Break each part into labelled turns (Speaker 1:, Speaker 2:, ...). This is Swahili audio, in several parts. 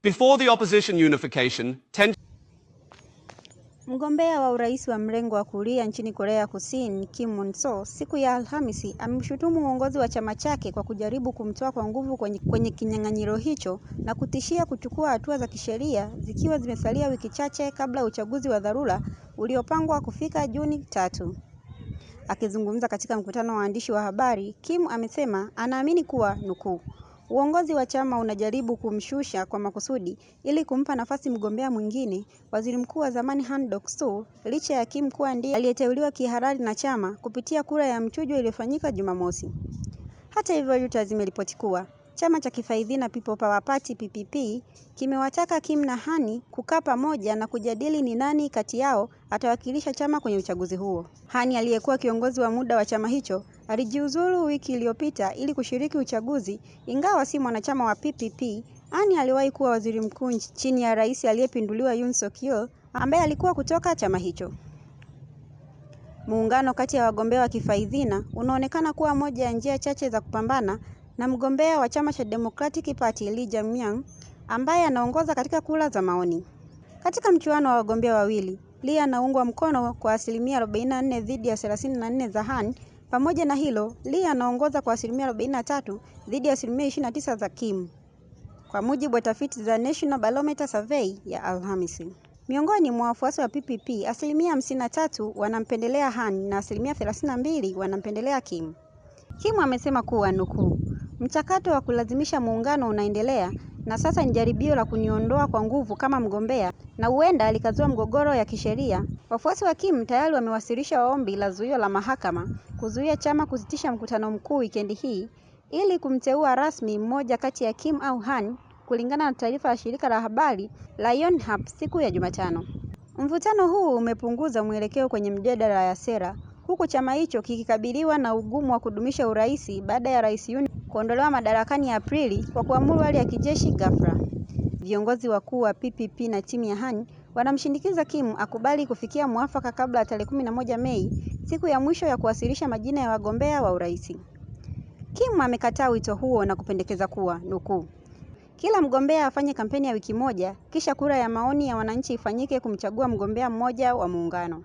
Speaker 1: Before the opposition unification, ten... Mgombea wa urais wa mrengo wa kulia nchini Korea Kusini, Kim moon siku ya Alhamisi amemshutumu uongozi wa chama chake kwa kujaribu kumtoa kwa nguvu kwenye, kwenye kinyang'anyiro hicho na kutishia kuchukua hatua za kisheria zikiwa zimesalia wiki chache kabla ya uchaguzi wa dharura uliopangwa kufika Juni tatu. Akizungumza katika mkutano wa waandishi wa habari, Kim amesema anaamini kuwa nukuu Uongozi wa chama unajaribu kumshusha kwa makusudi ili kumpa nafasi mgombea mwingine, Waziri Mkuu wa zamani Handok Suh, licha ya Kim kuwa ndiye aliyeteuliwa kihalali na chama kupitia kura ya mchujo iliyofanyika Jumamosi. Hata hivyo, Reuters zimeripoti kuwa chama cha kifaidhina People Power Party PPP kimewataka Kim na Hani kukaa pamoja na kujadili ni nani kati yao atawakilisha chama kwenye uchaguzi huo. Hani aliyekuwa kiongozi wa muda wa chama hicho Alijiuzulu wiki iliyopita ili kushiriki uchaguzi, ingawa si mwanachama wa PPP. Ani aliwahi kuwa waziri mkuu chini ya rais aliyepinduliwa Yoon Suk Yeol, ambaye alikuwa kutoka chama hicho. Muungano kati ya wagombea wa kifaidhina unaonekana kuwa moja ya njia chache za kupambana na mgombea wa chama cha Democratic Party, Lee Jae-myung, ambaye anaongoza katika kura za maoni. Katika mchuano wa wagombea wawili, Lee anaungwa mkono kwa asilimia 44 dhidi ya 34 za Han, pamoja na hilo, Lee anaongoza kwa asilimia 43 dhidi ya asilimia 29 za Kim, kwa mujibu wa tafiti za National Barometer Survey ya Alhamisi. Miongoni mwa wafuasi wa PPP, asilimia 53 wanampendelea Han na asilimia 32 wanampendelea Kim. Kim amesema kuwa nukuu, mchakato wa kulazimisha muungano unaendelea na sasa ni jaribio la kuniondoa kwa nguvu kama mgombea na huenda likazua mgogoro ya kisheria. Wafuasi wa Kim tayari wamewasilisha ombi la zuio la mahakama kuzuia chama kusitisha mkutano mkuu wikendi hii ili kumteua rasmi mmoja kati ya Kim au Han, kulingana na taarifa ya shirika la habari la Yonhap siku ya Jumatano. Mvutano huu umepunguza mwelekeo kwenye mjadala ya sera huku chama hicho kikikabiliwa na ugumu wa kudumisha urais baada ya Rais Yoon kuondolewa madarakani Aprili kwa kuamuru hali ya kijeshi ghafla. Viongozi wakuu wa PPP na timu ya Han wanamshindikiza Kim akubali kufikia mwafaka kabla ya tarehe 11 Mei, siku ya mwisho ya kuwasilisha majina ya wagombea wa urais. Kim amekataa wito huo na kupendekeza kuwa nukuu, kila mgombea afanye kampeni ya wiki moja, kisha kura ya maoni ya wananchi ifanyike kumchagua mgombea mmoja wa muungano.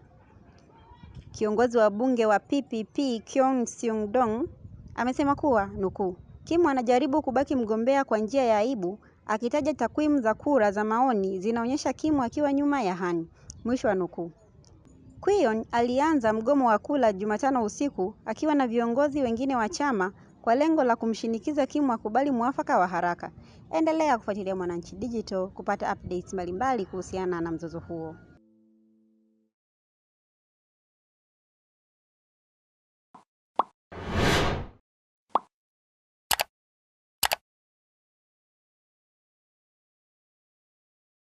Speaker 1: Kiongozi wa bunge wa PPP Kyon Syung-dong amesema kuwa nukuu, Kim anajaribu kubaki mgombea kwa njia ya aibu, akitaja takwimu za kura za maoni zinaonyesha Kim akiwa nyuma ya Han, mwisho wa nukuu. Quyon alianza mgomo wa kula Jumatano usiku akiwa na viongozi wengine wa chama kwa lengo la kumshinikiza Kim akubali mwafaka wa haraka. Endelea kufuatilia Mwananchi Digital kupata updates mbalimbali kuhusiana na mzozo huo.